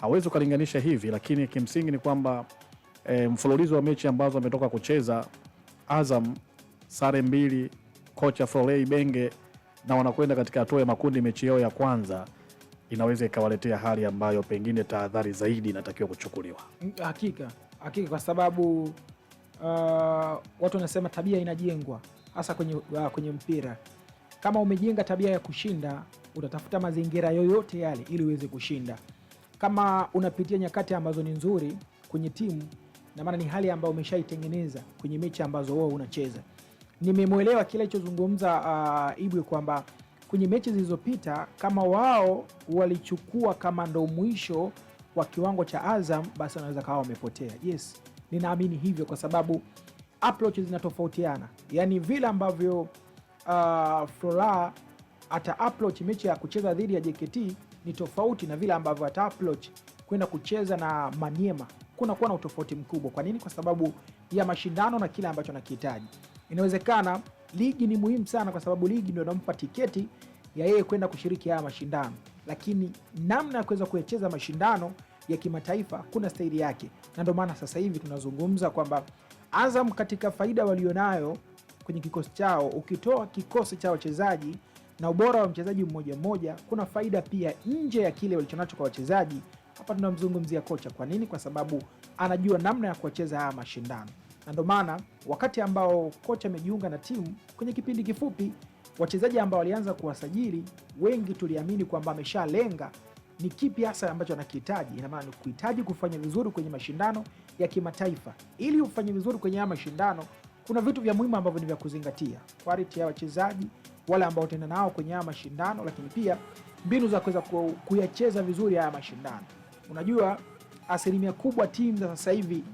hawezi ukalinganisha hivi, lakini kimsingi ni kwamba e, mfululizo wa mechi ambazo ametoka kucheza Azam sare mbili, kocha Florei Benge na wanakwenda katika hatua ya makundi, mechi yao ya kwanza inaweza ikawaletea hali ambayo pengine tahadhari zaidi inatakiwa kuchukuliwa. Hakika hakika, kwa sababu uh, watu wanasema tabia inajengwa hasa kwenye, uh, kwenye mpira. Kama umejenga tabia ya kushinda, utatafuta mazingira yoyote yale ili uweze kushinda kama unapitia nyakati ambazo ni nzuri kwenye timu, na maana ni hali ambayo umeshaitengeneza kwenye mechi ambazo wewe unacheza. Nimemwelewa kile alichozungumza uh, Ibwe kwamba kwenye mechi zilizopita kama wao walichukua kama ndo mwisho wa kiwango cha Azam, basi wanaweza kawa wamepotea. Yes, ninaamini hivyo kwa sababu approach zinatofautiana, yaani vile ambavyo uh, Flora ata approach mechi ya kucheza dhidi ya JKT ni tofauti na vile ambavyo ataapproach kwenda kucheza na Maniema, kunakuwa na utofauti mkubwa. Kwa nini? Kwa sababu ya mashindano na kile ambacho anakihitaji. Inawezekana ligi ni muhimu sana, kwa sababu ligi ndio inampa tiketi ya yeye kwenda kushiriki haya mashindano, lakini namna ya kuweza kuyacheza mashindano ya kimataifa kuna staili yake, na ndio maana sasa hivi tunazungumza kwamba Azam katika faida walionayo kwenye kikosi chao, ukitoa kikosi cha wachezaji na ubora wa mchezaji mmoja mmoja, kuna faida pia nje ya kile walichonacho kwa wachezaji. Hapa tunamzungumzia kocha. Kwa nini? Kwa sababu anajua namna ya kuwacheza haya mashindano, na ndio maana wakati ambao kocha amejiunga na timu kwenye kipindi kifupi, wachezaji ambao walianza kuwasajili wengi tuliamini kwamba ameshalenga ni kipi hasa ambacho anakihitaji. Ina maana ni kuhitaji kufanya vizuri kwenye mashindano ya kimataifa. Ili ufanye vizuri kwenye haya mashindano kuna vitu vya muhimu ambavyo ni vya kuzingatia, quality ya wachezaji wale ambao utaenda nao kwenye haya mashindano, lakini pia mbinu za kuweza kuyacheza vizuri haya mashindano. Unajua, asilimia kubwa timu za sasa hivi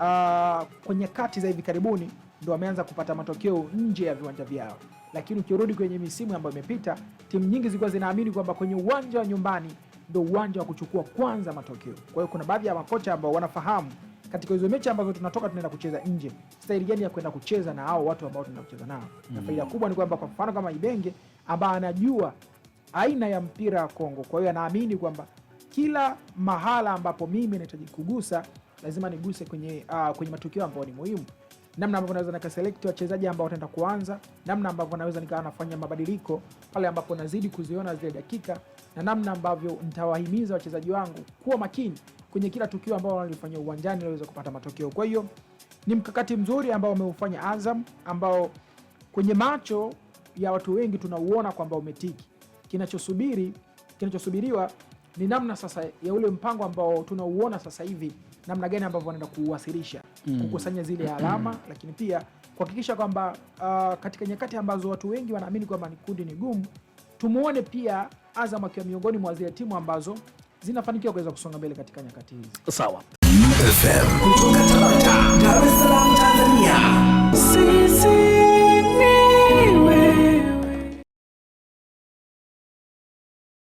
uh, kwenye kati za hivi karibuni ndo wameanza kupata matokeo nje ya viwanja vyao, lakini ukirudi kwenye misimu ambayo imepita, timu nyingi zilikuwa zinaamini kwamba kwenye uwanja wa nyumbani ndo uwanja wa kuchukua kwanza matokeo. Kwa hiyo kuna baadhi ya makocha ambao wanafahamu katika hizo mechi ambazo tunatoka tunaenda kucheza nje, staili gani ya kwenda kucheza na hao watu ambao tunaenda kucheza nao mm. na faida kubwa ni kwamba kwa mfano kama Ibenge ambaye anajua aina ya mpira wa Kongo, kwa hiyo anaamini kwamba kila mahala ambapo mimi nahitaji kugusa lazima niguse kwenye, uh, kwenye matukio ambayo ni muhimu namna ambavyo naweza nikaselekti wachezaji ambao wataenda kuanza, namna ambavyo naweza nikawa nafanya mabadiliko pale ambapo nazidi kuziona zile dakika, na namna ambavyo nitawahimiza wachezaji wangu kuwa makini kwenye kila tukio ambao walifanya uwanjani waweze kupata matokeo. Kwa hiyo ni mkakati mzuri ambao wameufanya Azam, ambao kwenye macho ya watu wengi tunauona kwamba umetiki. Kinachosubiri, kinachosubiriwa ni namna sasa ya ule mpango ambao tunauona sasa hivi, namna gani ambavyo wanaenda kuuwasilisha mm. kukusanya zile alama mm. lakini pia kuhakikisha kwamba uh, katika nyakati ambazo watu wengi wanaamini kwamba kundi ni gumu, tumuone pia Azam akiwa miongoni mwa zile timu ambazo zinafanikiwa kuweza kusonga mbele katika nyakati hizi. Sawa FM